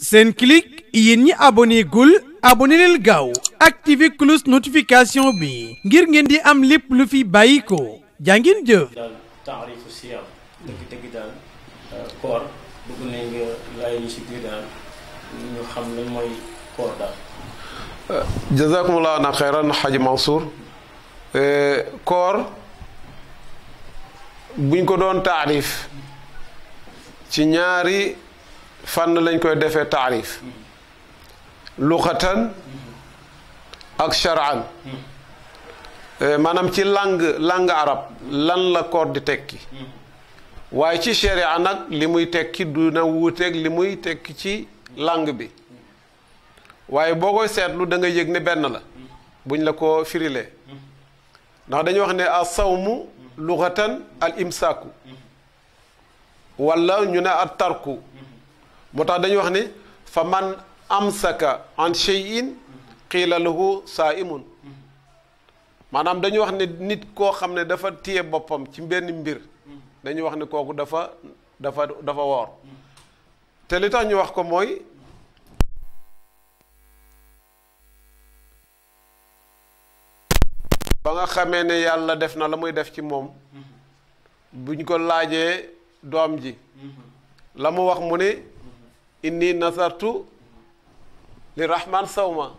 Senclic yéen ñi abonné gul abonné leen gaaw activé cloche notification bi ngir ngeen di am lépp lu fi bàyyi ko jàngin jëf. daal euh, mooy koor daal. jazakumullahu na xayran euh, buñ ko doon taarif ci ñaari. fànn lañ koy defee taarif luxatan ak shar'an eh, maanaam ci langue langue arab lan la koor di tekki waaye ci sharia nag li muy tekki du na wuuteeg li muy tekki ci langue bi waaye boo koy seetlu da nga yëg ne benn la buñ la ko firilee ndax dañuy wax ne a mu luxatan al imsaaku wala ñu ne ak tarku moo tax dañuy wax ni fa man amsaka an shay'in qiila lahu saa'imun maanaam dañuy wax ni nit koo xam ne dafa téye boppam ci benn mbir dañuy wax ne kooku dafa dafa dafa woor te li tax ñu wax ko mooy ba nga xamee ne yàlla def na la muy def ci moom buñ ko laajee doom ji la mu wax mu ne indi nazartu li rahman sawma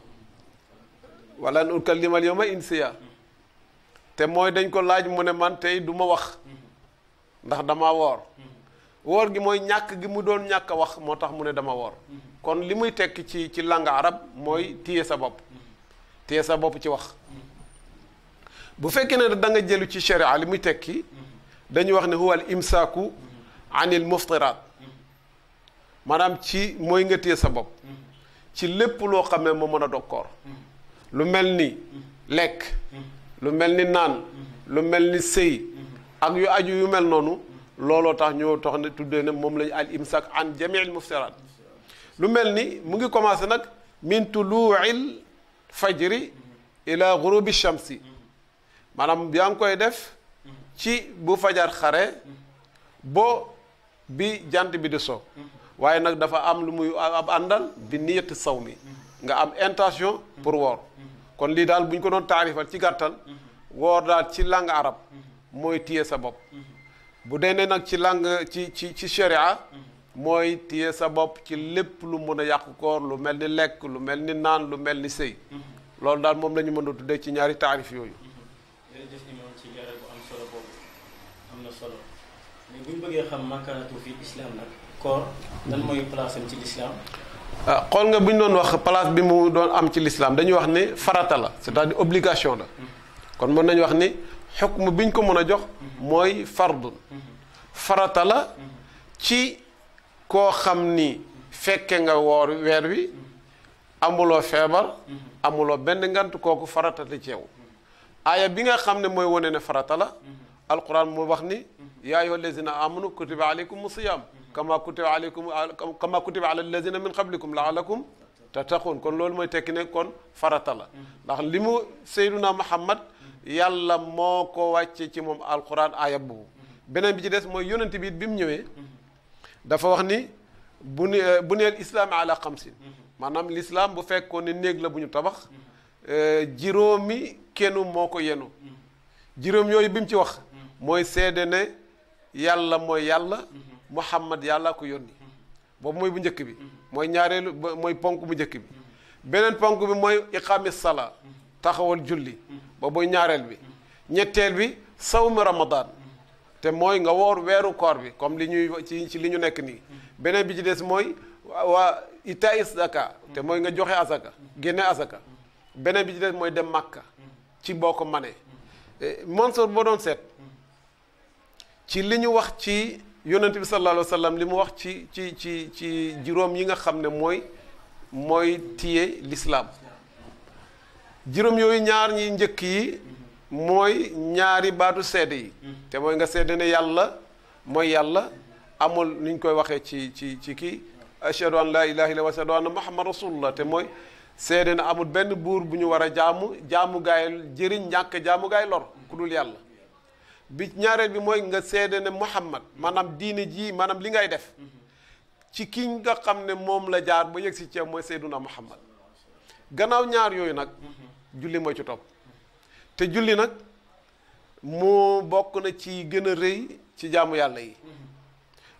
wala an ukallima al yawma insiya te mooy dañ ko laaj mu ne man tey du ma wax ndax dama woor woor gi mooy ñàkk gi mu doon ñàkk a wax moo tax mu ne dama woor kon li muy tekk ci ci langue arab mooy téye sa bopp téye sa bopp ci wax bu fekkee ne da nga jëlu ci sharia li muy tekki dañuy wax ne huwa al imsaaku anil muftirat maanaam ci mooy nga téye sa bopp ci lépp loo xam ne moo mën a dog lu mel ni lekk lu mel ni naan lu mel ni sëy ak yu aju yu mel noonu looloo tax ñoo tox ne tuddee ne moom lañu al imsak an jamiil muftiraat lu mel ni mu ngi commencé nag lu min tuluuil fajri ila gurubi shamsi maanaam yaa ngi koy def ci bu fajar xare bo bi jant bi di so waaye nag dafa am lu muy ab àndal bi niyati saw mi nga am intention pour woor kon lii daal bu ñu ko doon taarifal ci gàttal woor daal ci langue arab mooy téye sa bopp bu dee ne nag ci langue ci ci ci sharia mooy téye sa bopp ci lépp lu mën a yàq koor lu mel ni lekk lu mel ni naan lu mel ni sëy loolu daal moom la mën a tuddee ci ñaari taarif yooyu. mais bu ñu bëggee xam makkaanatu place am ci l'islam ah xool nga buñ doon wax place bi mu doon am ci lislaam dañuy wax ne farata la c'est-à-dire obligation la hmm. kon mën nañu wax ni xukm bi ñu ko mën a jox hmm. mooy fardun hmm. farata la ci koo xam ni fekke nga woor weer wi amuloo feebar amuloo benn ngant kooku farata la ci yow aaya bi nga xam ne mooy wane ne farata la alquran mu wax ni yaa ayyuha allazina amanu kutiba alaykum siyam kama kutiba alaykum kama kutiba ala allazina min qablikum laalakum tattaqun kon loolu mooy tekki ne kon farata la ndax li mu sayduna muhammad yàlla moo ko wàcce ci moom alquran aaya boobu beneen bi ci des mooy yonent bi it bi mu ñëwee dafa wax ni bu ni bu neel islaam ala xamsin maanaam lislaam bu fekkoon ne néeg la bu ñu tabax eh, juróomi kennu moo ko yenu juróom yooyu bi mu ci wax mooy seede ne yàlla mooy yàlla mhm. muhammad yàlla ko yónni mhm. boobu mooy bu njëkk bi mhm. mooy ñaareelu mooy ponk bu njëkk bi beneen ponk bi mooy iqaami sala taxawal julli ba ñaareel bi ñetteel bi sawmi ramadan te mooy nga woor weeru koor bi comme li ñuy ci ci li ñu nekk nii beneen bi ci des mooy waa ita isaka te mooy nga joxe asaka génne asaka beneen bi ci des mooy dem màkka ci boo ko manee eh, Mansour boo doon seet ci li ñu wax ci yonent bi sallallahu alayhi li mu wax ci ci ci ci juróom yi nga xam ne mooy mooy tiye lislaam juróom yooyu ñaar ñi njëkk yi mooy ñaari baatu sedd yi te mooy nga sedd ne yàlla mooy yàlla amul ni ñu koy waxee ci ci ci kii ashhadu an laa ilaha illa wa ashhadu anna muhammad rasulullah te mooy sedd na amul benn buur bu ñu war a jaamu jaamu gaay jëriñ ñàkk jaamu gaay lor ku dul yàlla bi ñaareel bi mooy nga sedd ne Muhammad maanaam diine jii maanaam li ngay def ci ki nga xam ne moom la jaar ba yegg si ceeb mooy Seyduna Muhammad gannaaw ñaar yooyu nag moo ci topp te julli nag mu bokk na ci gën a rëy ci jaamu yàlla yi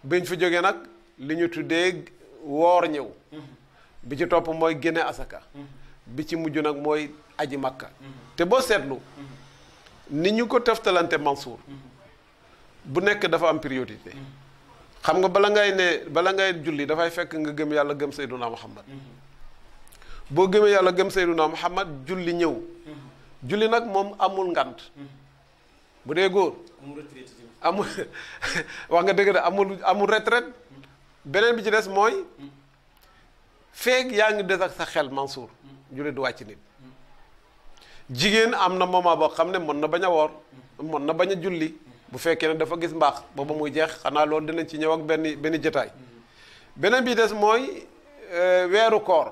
biñ fi jógee nag li ñu tuddee woor ñëw bi ci topp mooy génne asaka bi ci mujj nag mooy aji makka te boo seetlu ni ñu ko taftalante Mansour bu nekk dafa am priorité xam nga bala ngay ne bala ngay julli dafay fekk nga gëm yàlla gëm Seyduna Muhammad boo gëmee yàlla gëm Seyduna Muhammad julli ñëw julli nag moom amul ngant bu dee góor amul wax nga dëgg de amul amul retraite beneen bi ci des mooy feeg yaa ngi des ak sa xel Mansour julli du wàcc nit jigéen am na moment boo xam ne mën na bañ a woor mën na bañ a julli bu fekkee ne dafa gis mbaax booba muy jeex xanaa loolu dinañ ci ñëw ak benn benn jotaay beneen bi des mooy euh, weeru koor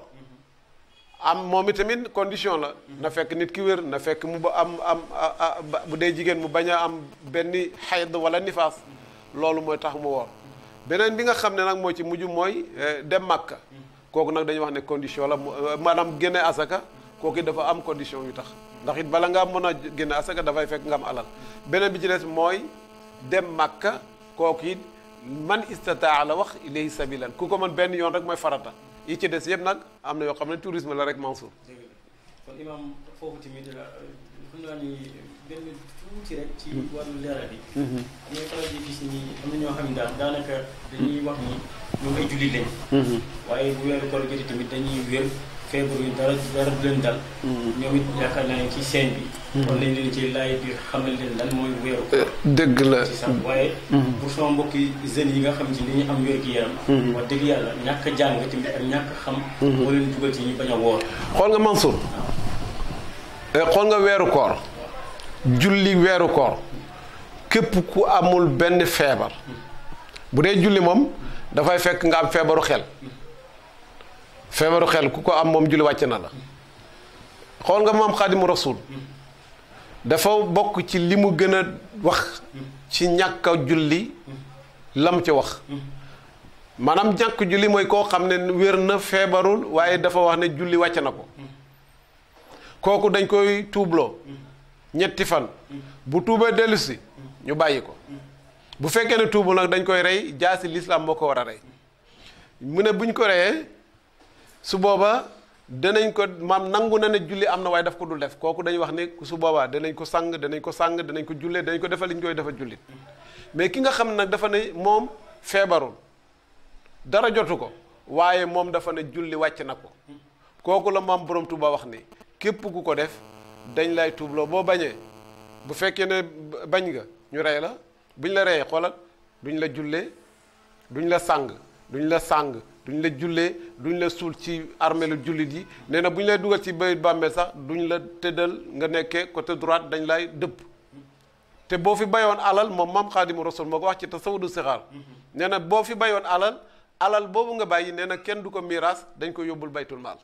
am moom itamit condition la na fekk nit ki wér na fekk mu ba am am bu dee jigéen mu bañ a am benn xayd wala nifaas loolu mooy tax mu woor beneen bi nga xam ne nag moo ci mujj mooy euh, dem Màkka kooku nag dañuy wax ne condition la euh, maanaam génne asaka kooku dafa am condition yu tax ndax it bala ngaa mën a génn asaka dafay fekk nga am alal beneen bi ci des mooy dem màkka kooku it man istataa la wax ilayhi sabilan ku ko mën benn yoon rek mooy farata yi ci des yëpp nag am na yoo xam ne tourisme la rek Mansour kon imam foofu tamit euh, xam ci mm-hmm. wàllu leeral bi ñooy faral di gis ni am na ñoo xam ne daal daanaka dañuy wax ni ñoom ay jullit lañ mm-hmm. waaye bu weeru koor jotee tamit dañuy wér feebar yi dara dara du leen dal. Mm-hmm. ñoom it yaakaar naa ne ci seen bi. kon mm-hmm. lañ leen ci laaj xam xamal leen lan mooy weeru koor. dëgg la ci sax waaye. pour mm-hmm. sama mbokki jeunes yi nga xam ci li am wér gi yaram. wax dëgg yàlla ñàkk a jàng tamit ak ñàkk xam. moo xool nga Mansour. Eh, xool nga weeru koor. julli weeru koor. képp ku amul benn feebar. bu dee julli moom dafay fekk nga am feebaru xel. feebaru xel ku ko am moom julli wàcc na la xool nga maam xaadimu rasul dafa bokk ci li mu gën a wax ci ñàkk a julli lam ci wax maanaam ñàkk julli mooy koo xam ne wér na feebarul waaye dafa wax ne julli wàcc na ko kooku dañ koy tuubloo ñetti fan bu tuubee dellusi ñu bàyyi ko bu fekkee ne tuubul nag dañ koy rey jaasi lislaam moo ko war a rey mu ne buñ ko reyee su boobaa danañ ko maam nangu na ne julli am na waaye daf ko dul def kooku dañuy wax ne su boobaa danañ ko sàng danañ ko sàng danañ ko jullee dañ ko defal ñu koy defal jullit mais ki nga xam nag dafa ne moom feebarul dara jotu ko waaye moom dafa ne julli wàcc na ko kooku la maam borom Tuuba wax ni képp ku ko def dañ lay tuubloo boo bañee bu fekkee ne bañ nga ñu rey la buñ la reyee xoolal duñ la jullee duñ la sàng duñ la sàng duñ la jullee duñ la suul ci armeelu jullit yi nee na bu ñu lay dugal ci bayit bàmmee sax duñu la tëddal nga nekke côté droite dañ lay dëpp te boo fi bayoon alal moom maam xaadimu rasul moo ko wax ci tasawudu sixaar nee na boo fi bayoon alal alal boobu nga bàyyi nee na kenn du ko miiras dañ ko yóbbul baytul maal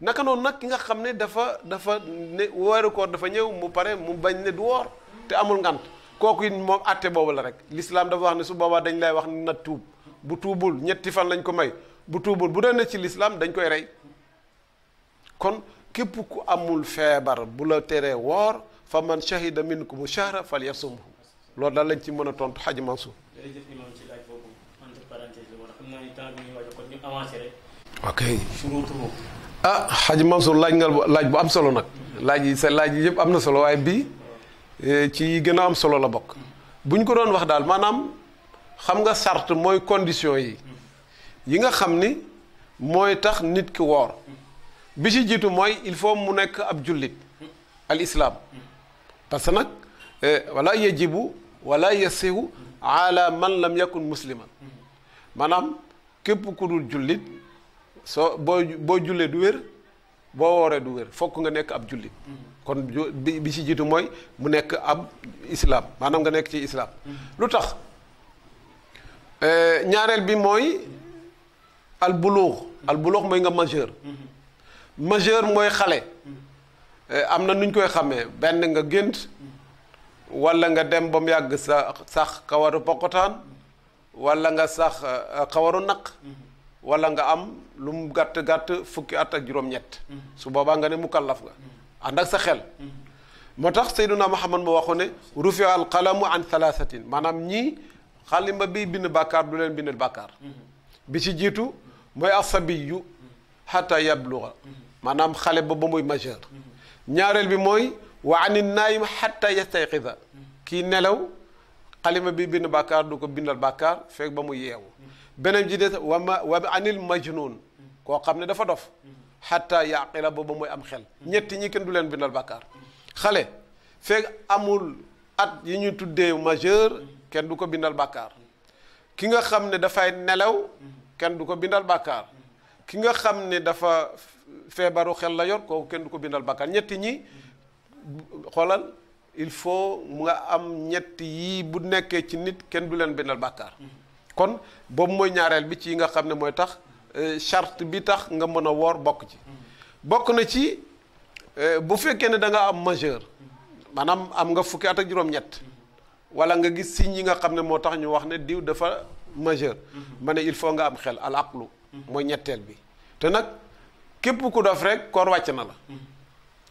naka noonu nag ki nga xam ne dafa dafa ne weeru koor dafa ñëw mu pare mu bañ ne du woor te amul ngant kooku it moom atte boobu la rek l'islam dafa wax ne su boobaa dañ lay wax na tuub bu tuubul ñetti fan lañ ko may bu bu doon ne ci lislaam dañ koy rey kon képp ku amul feebar bu la teree woor fa man shahida minkum shahra falyasumhu loolu daal lañ ci mën a tontu Hadj Mansour. ci laaj boobu entre parenthèse la woon xam naa ah, laaj nga laaj bu am solo nag. laaj yi sa laaj yi yëpp am na solo waaye bii eh, ci gën a am solo la bokk. bu ñu ko doon wax daal maanaam. xam nga sart mooy condition yi yi nga xam ni mooy tax nit ki woor bi ci jiitu mooy il faut mu nekk ab jullit al islaam parce que nag eh, wala yajibu wala yasihu ala man lam yakun musliman maanaam képp ku dul jullit soo boo boo jullee du wér boo wooree du wér fokk nga nekk ab jullit kon bi bi ci jiitu mooy mu nekk ab islaam maanaam nga nekk ci islaam lu tax Euh, ñaareel bi mooy al bulux al bulux mooy nga majeur majeur mooy xale euh, am na nuñ koy xamee benn nga gént wala nga dem ba mu yàgg sa sax kawaru pokotaan wala nga sax euh, kawaru naq wala nga am lu mu gàtt-gàtt fukki at ak juróom-ñett su boobaa nga ne mukallaf nga ànd ak sa xel moo tax Seydunaa Muhammad mu waxu ne rufi al qalamu an thalathatin maanaam ñii xalimba bi binn bàkkaar du leen bind bàkkaar bi ci jiitu mooy asabiyu xata yabluga maanaam xale ba ba muy majeur ñaareel bi mooy wa ani naayim xata yastayqida kii nelaw xalima bi binn bàkkaar du ko bindal bàkkaar feek ba mu yeewu beneen ji des wa ma wa anil majnun koo xam ne dafa dof xata yaqila ba mooy am xel ñetti ñi kenn du leen bindal bàkkaar xale fekk amul at yi ñuy tuddee majeur kenn du ko bindal bàkkaar ki nga xam ne dafay nelaw kenn du ko bindal bàkkaar ki nga xam ne dafa feebaru xel la yor kooku kenn du ko bindal bàkkaar ñetti ñi xoolal il faut mu nga am ñetti yii bu nekkee ci nit kenn du leen bindal bàkkaar kon boobu mooy ñaareel bi ci yi nga xam ne mooy tax euh, charte bi tax nga mën a woor bokk ci bokk na ci euh, bu fekkee ne danga am majeur maanaam am nga fukki at ak juróom-ñett wala nga gis signes yi nga xam ne moo tax ñu wax ne diw dafa majeur mhm. ma ne il faut nga am xel al aqlu mhm. mooy ñetteel bi te nag képp ku dof rek koor wàcc na la mhm.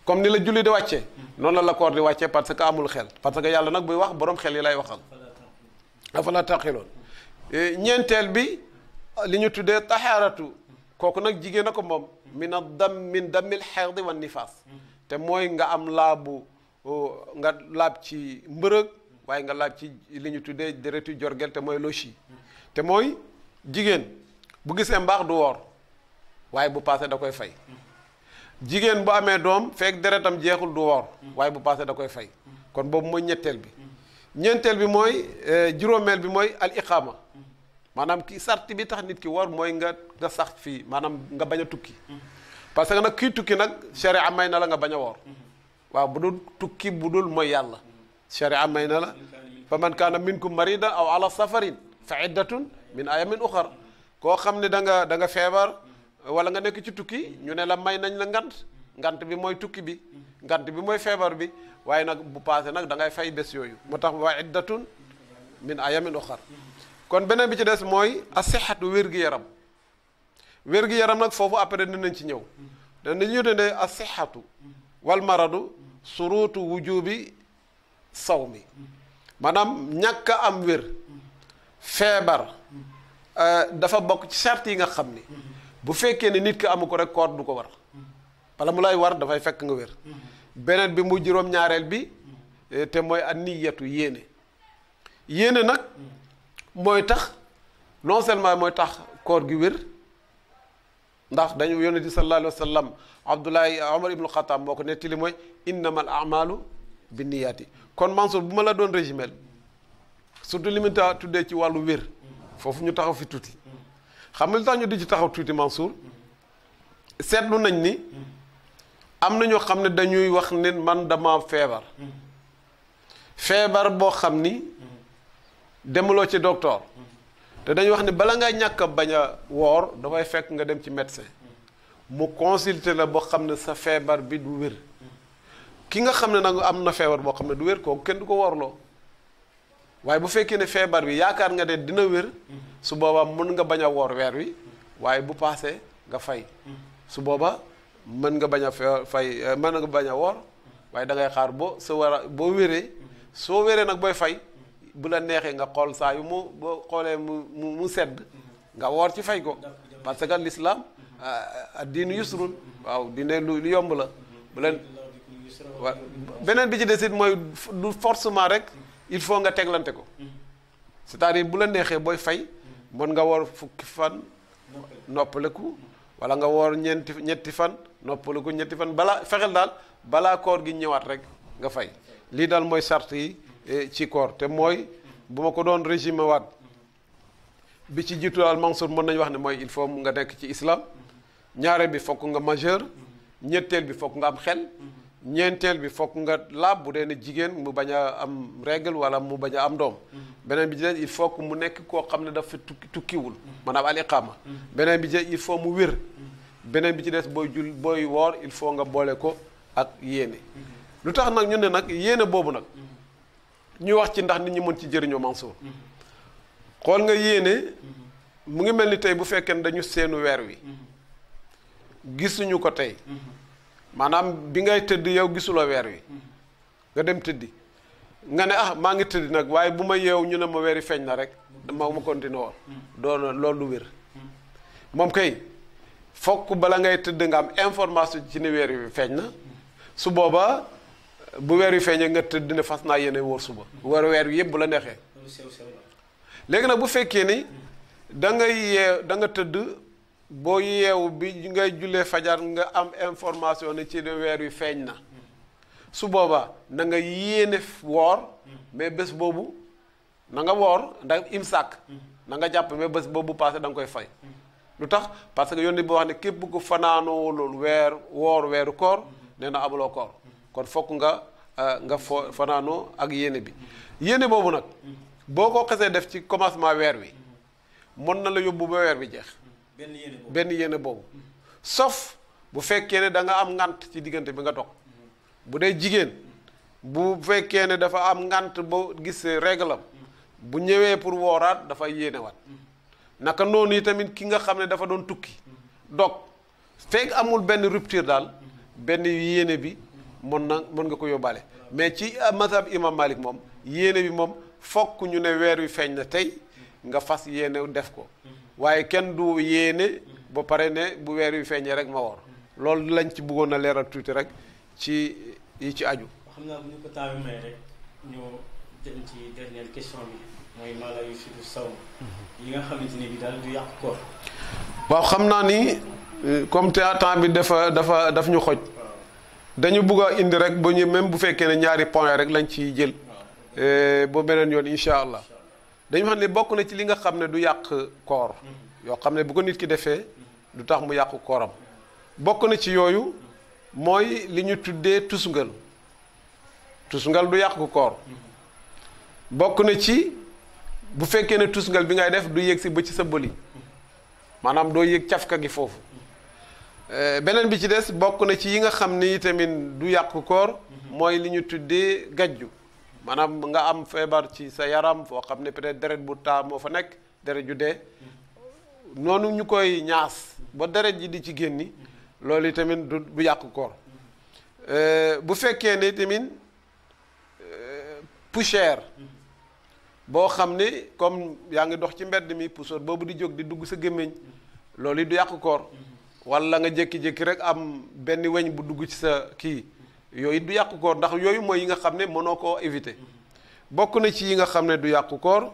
comme ni la julli di wàccee noonu la la koor di wàccee parce que amul xel parce que yàlla nag buy wax boroom xel yi lay waxal afala taqiloon eh, ñeenteel bi li ñu tuddee taxaaratu kooku nag jigéen a ko moom min a dam min damil xerdi wan nifaas te mooy nga am laabu oh, nga laab ci mbërëg waaye nga laab ci li ñu tuddee deretu jorgel te mooy lochi te mooy jigéen bu gisee mbaax du woor waaye bu paase da koy fay jigéen bu amee doom feek deretam jeexul du woor waaye bu paase da koy fay kon boobu mooy ñetteel bi ñeenteel bi mooy euh, juróomeel bi mooy al maanaam ki sart bi tax nit ki woor mooy nga nga sax fii maanaam nga bañ a tukki parce que nag kii tukki nag sharia may na la nga bañ a woor waaw bu dul tukki bu dul mooy yàlla a may na la fa man kaana minkum maridan aw ala safarin fa iddatun min ayamin uxar koo xam ne danga nga feebar wala nga nekk ci tukki ñu ne la may nañ la ngant ngant bi mooy tukki bi ngant bi mooy feebar bi waaye nag bu paase nag da ngay fay bés yooyu moo tax wa iddatun min ayamin uxar kon beneen bi ci des mooy asixatu wér-gi-yaram wér-gi-yaram nag foofu après dinañ ci ñëw danañu ne asixatu wal maradu surutu wujubi saw mi maanaam ñàkk am wér feebar euh, dafa bokk ci sart yi nga xam ni bu fekkee ne nit ki amu ko rek koor du ko war bala mu lay war dafay fekk nga wér beneen bi mu juróom-ñaareel bi euh, te mooy an niyatu yéene yéene nag mooy tax non seulement mooy tax koor gi wér ndax dañu yonent bi sallallahu alayhi wa sallam Abdullahi Omar ibnu Xataab moo ko nettali mooy innamal amalu bi niyaati kon Mansour bu ma la doon régimel surtout li mu taa tuddee ci wàllu wér foofu ñu taxaw fi tuuti xam nga li tax ñu di ci taxaw tuuti Mansour seetlu nañ ni am na ñoo xam ne dañuy wax ne man dama feebar feebar boo xam ni demuloo ci docteur te dañuy wax ne bala nga ñàkk a bañ a woor dafay fekk nga dem ci médecin mu consulter la boo xam ne sa feebar bi du wér ki nga xam ne nag am na feebar boo xam ne du wér kooku kenn du ko warloo waaye bu fekkee ne feebar wi yaakaar nga ne dina wér su boobaa mën nga bañ a woor weer wi waaye bu paasee nga fay su booba mën nga bañ a fay euh, mën nga bañ a woor waaye da ngay xaar boo sa war a boo wéree soo wéree nag booy fay bu la neexee nga xool saa yu mu boo xoolee mu mu sedd nga woor ci fay ko parce que l'islam euh, diinu yusrul waaw dine lu yomb la bu leen waaw beneen bi ci des mooy du forcement rek il faut nga teglante ko cest à bu la neexee booy fay mën nga woor fukki fan noppaleku wala nga woor ñeenti ñetti fan noppaleku ñetti fan balaa fexeel daal balaa koor gi ñëwaat rek nga fay lii daal mooy sart yi eh, ci koor te mooy bu ma ko doon régime waat bi ci jiitu daal Mansour mën nañu wax ne mooy il faut nga nekk ci islam ñaare bi fokk nga majeur ñetteel bi fokk nga am xel ñeenteel bi foog nga laab bu dee ne jigéen mu bañ a am regl wala mu bañ a am doom mhm. beneen bi ci des il faut que mu nekk koo xam ne dafa tukki tukkiwul mhm. maanaam al iqaama mhm. beneen bi ci des il faut mu wér beneen bi ci des booy jul booy woor il faut nga boole ko ak yéene lu tax nag ñu ne nag yéene boobu nag ñuy wax ci ndax nit ñi mën ci jëriñoo Mansour xool nga yéene mu ngi mel ni tey bu fekkee ne dañu seenu weer wi gisuñu ko tey maanaam bi ngay tëdd yow gisuloo weer wi mm-hmm. nga dem tëdd nga ne ah maa ngi tëdd nag waaye bu ma yeew ñu ne ma weeri feeñ na rek ma ma continué woon mm-hmm. doona loolu mm-hmm. moom kay fokk bala ngay tëdd nga am information ci ni weer wi feeñ na su booba bu weer wi feeñee nga tëdd ne fas naa yéene wóor suba war weer wi yëpp bu la neexee léegi nag bu fekkee ni da ngay danga tëdd boo yeewu bi ngay jullee fajar nga am information ne ci weer wi feeñ na su boobaa na nga yéene woor mais bés boobu na nga woor ndax imsaak na nga jàpp mais bés boobu passé da nga koy fay lu tax parce que yónni boo wax ne képp ko fanaanoo fanaanoolul weer woor weeru koor nee na amuloo koor kon fokk nga euh, nga fo fanaanoo ak yéene bi yéene boobu nag boo ko xesee def ci commencement weer wi mën na la yóbbu ba weer bi jeex benn yéene boobu benn yéene boobu sauf bu fekkee ne da nga am ngant ci diggante bi nga toog bu dee jigéen bu fekkee ne dafa am ngant boo gis réglam bu ñëwee pour wooraat dafay yéenewaat naka noonu yi tamit ki nga xam ne dafa doon tukki dog fekk amul benn rupture daal benn yéene bi mën na mën nga ko yóbbaale mais ci euh, mazhab imam Malik moom yéene bi moom fokk ñu ne weer wi feeñ na tey nga fas yéene def ko waaye kenn du yéene ba pare ne bu weer yu feeñee rek ma woor loolu lañ ci buggoon a leeral tuuti rek ci yi ci aju. xam naa bu ñu ko taawi bi mooy mhm. nga xamante ne bi daal waaw xam naa ni euh, comme te temps bi dafa dafa daf ñu xoj. dañu bugg a indi rek ba ñu même bu fekkee ne ñaari point rek lañ ci jël. Euh, ba beneen yoon incha allah. dañu xam ne bokk na ci li nga xam ne du yàq koor yoo xam ne bu ko nit ki defee du tax mu yàqu kooram bokk na ci yooyu mooy li ñu tuddee tusngal tusngal du yàqu koor bokk na ci bu fekkee ne tusngal bi ngay def du yéeg si ba ci sa bëli maanaam doo yéeg cafka gi foofu eh, beneen bi ci des bokk na ci yi nga xam ne ni tamit du yàqu koor mhm. mooy li ñu tuddee gajju maanaam nga am feebar ci sa yaram foo xam ne peut-être deret bu taa moo fa nekk deret ju dee noonu ñu koy ñaas ba deret ji di ci génni loolu tamit du du yàq koor euh, bu fekkee ne tamit euh, poussière boo xam ne comme yaa ngi dox ci mbedd mi poussière boobu di jóg di dugg sa gémmiñ loolu du yàq koor walla nga jékki-jékki rek am benn weñ bu dugg ci sa kii yooyu du yàqu koor ndax yooyu mooy yi nga xam ne mënoo koo éviter bokk na ci yi nga xam ne du yàqu koor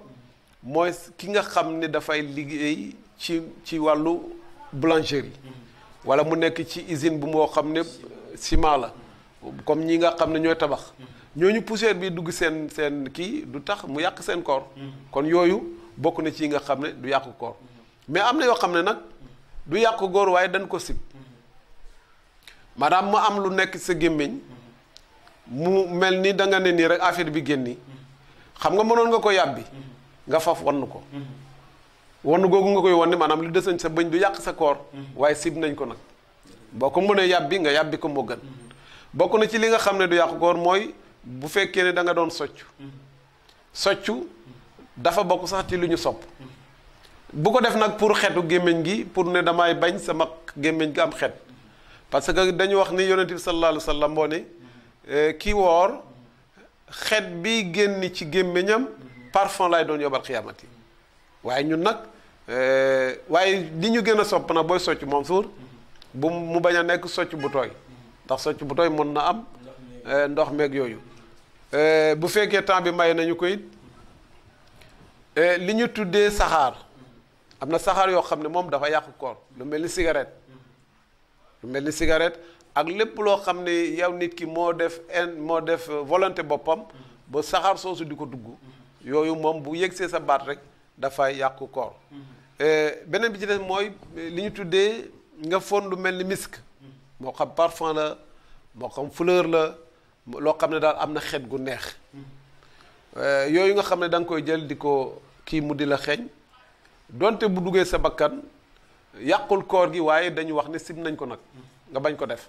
mooy ki nga xam ne dafay liggéey ci ci wàllu boulangerie wala mu nekk ci usine bu moo xam ne ciment la comme ñi nga xam ne ñooy tabax ñooñu poussière bi dugg seen seen kii du tax mu yàq seen koor kon yooyu bokk na ci yi nga xam ne du yàqu koor mais am na yoo xam ne nag du yàqu góor waaye dañ ko sib maanaam mu am lu nekk sa gémmiñ mu mel ni danga nga ne nii rek affaire bi génni xam nga mënoon nga ko yàbbi nga faf wann ko wann googu nga koy won wanni maanaam lu desañ sa bëñ du yàq sa koor waaye sib nañ ko nag boo ko mënee yàbbi nga yàbbi ko moo gën bokk na ci li nga xam ne du yàq koor mooy bu fekkee ne da nga doon soccu soccu dafa bokk sax ci lu ñu sopp bu ko def nag pour xetu gémmiñ gi pour ne damay bañ sama gémmiñ gi am xet parce que dañu wax ni yonent bi sallallahu alayhi wa sallam moo ni euh, ki woor xet bi génn ci gémmiñam parfum lay doon yobal xiyaamat yi waaye ñun nag euh, waaye li ñu gën a sopp nag booy socc moom suur bu mu bañ a nekk socc bu tooy ndax socc bu tooy mën na am euh, ndox meek yooyu bu fekkee temps bi may nañu ko it li ñu tuddee saxaar am na saxaar yoo xam ne moom dafa yàq koor lu mel ni cigarette mel ni cigarette ak lépp loo xam ne yow nit ki moo def en moo def euh, volonté boppam ba saxaar soosu di ko dugg yooyu moom bu yegsee sa baat rek dafay yàqu koor euh, beneen bi ci des mooy euh, li ñu tuddee nga fon lu mel ni misk moo xam parfum la moo xam fleur la loo xam ne daal am na xet gu neex yooyu nga xam ne da nga koy jël di ko kii mu di la xeeñ donte bu duggee sa bakkan yàqul koor gi waaye dañu wax ne sib nañ ko nag nga bañ ko def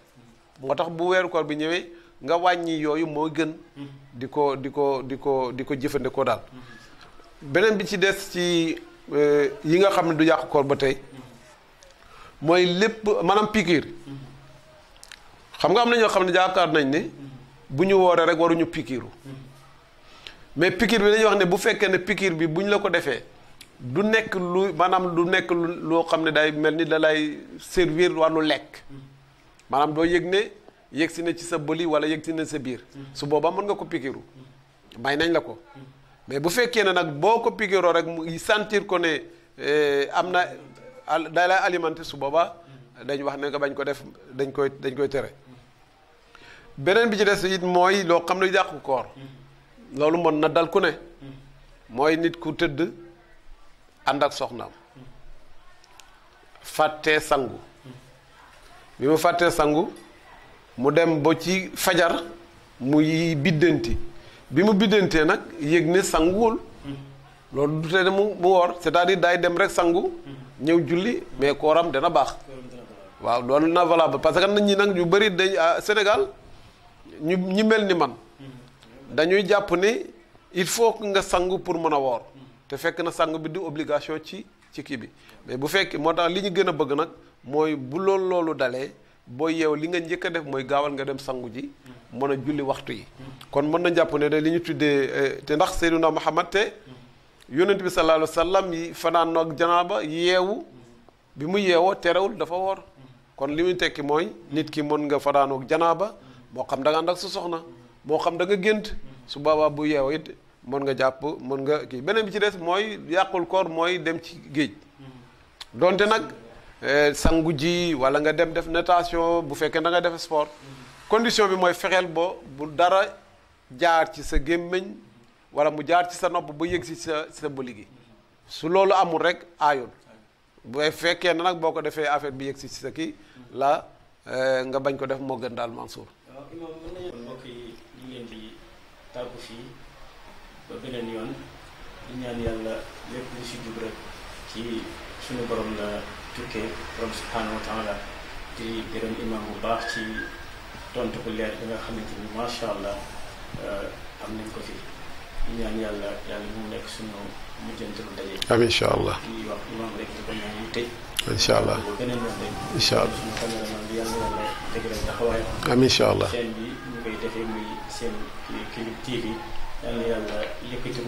moo tax bu weeru koor bi ñëwee nga wàññi yooyu moo gën di ko di ko di ko di ko jëfandikoo daal beneen bi ci des ci euh, yi nga xam ne du yàqu koor ba tey mooy lépp maanaam pikiir xam nga am na ñoo xam ne jaakaar nañ ne bu ñu wooree rek waruñu pikiiru mais piqûre bi dañuy wax ne bu fekkee ne pikiir bi bu ñu la ko defee du nekk lu maanaam du nekk loo xam ne day mel ni da lay servir wàllu lekk maanaam doo yëg ne yëg si na ci sa bëli wala yëg si na sa biir su boobaa mën nga ko pikiru may nañ la ko mais bu fekkee ne nag boo ko pikiroo rek mu sentir ko ne eh, am na day lay alimenter su boobaa dañ wax ne nga bañ ko def dañ koy dañ koy tere beneen bi ci des it mooy loo xam ne yàqu koor loolu mën na dal ku ne mooy nit ku tëdd ànd ak soxnaam fàtte sangu bi mu fàttee sangu mu dem ba ci fajar muy biddanti bi mu biddantee nag yëg ne sanguwul loolu du tee mu woor c'est-à-dire dem rek sangu ñëw julli mais kooram dana baax waaw doon na valable parce que nit ñi nag yu bari dañ ah, Sénégal ñu ñi mel ni man dañuy jàpp ne il faut que nga sangu pour mën a woor te fekk na sang bi du obligation ci ci kii bi mais bu fekkee moo tax li ñu gën a bëgg nag mooy bu loolu loolu dalee boo yeew li nga njëkk a def mooy gaawal nga dem sangu ji mën a julli waxtu yi kon mën na jàpp ne de li ñu tuddee eh, te ndax Seydina Muhammad te yonent bi sallallahu alayhi wa yi fanaan janaaba yeewu bi mu yeewoo terewul dafa woor kon li muy tekki mooy nit ki mën nga fanaanoog ba moo xam da nga ànd ak sa soxna moo xam danga gént su boobaa bu yeewoo it mën nga jàpp mën nga kii beneen bi ci des mooy yàqul koor mooy dem ci géej mm-hmm. donte nag eh, sangu ji wala nga dem def natation bu fekkee da nga def sport mm-hmm. condition bi mooy fexeel boo bu dara jaar ci sa gémmiñ wala mu jaar ci sa nopp ba yëg si sa sa bëli gi mm-hmm. su loolu amul rek aayul boo fekkee na nag boo ko defee affaire bi yëg si sa ki la eh, nga bañ ko def moo gën daal Mansour. Ah, ba beneen yoon di ñaan yàlla lépp lu si jub rek ci suñu borom la tukkee borom subhanahu wa taala di gërëm imam bu baax ci tontu bu leer bi nga xamante ni macha allah euh, am nañ ko fi di ñaan yàlla yàlla mu nekk suñu mujjantalu daje. am incha allah di wax imam rek di ko ñaan mu tëj. incha allah bu beneen yoon rek. incha allah suñu caméraman bi yàlla yàlla dëgëral taxawaay. am incha allah seen bi ñu koy defee muy seen Clinique TV. yàlla yàlla yëkkati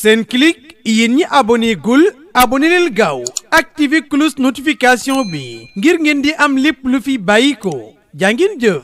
seen clic yéen ñi abonné gul gaaw activé cloche notification bi ngir ngeen di am lépp lu fi bàyyi ko jaa ngeen jëf.